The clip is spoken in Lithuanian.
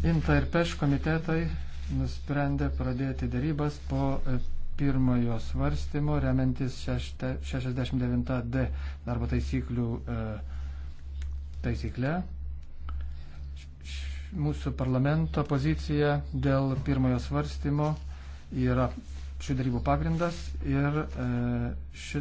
Inta ir Peš komitetai nusprendė pradėti darybas po e, pirmojo svarstymo, remiantis 69D darbo taisyklių e, taisykle. Mūsų parlamento pozicija dėl pirmojo svarstymo yra šių darybų pagrindas ir e, ši